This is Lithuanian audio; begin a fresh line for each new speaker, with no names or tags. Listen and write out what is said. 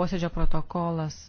posėdžio
protokolas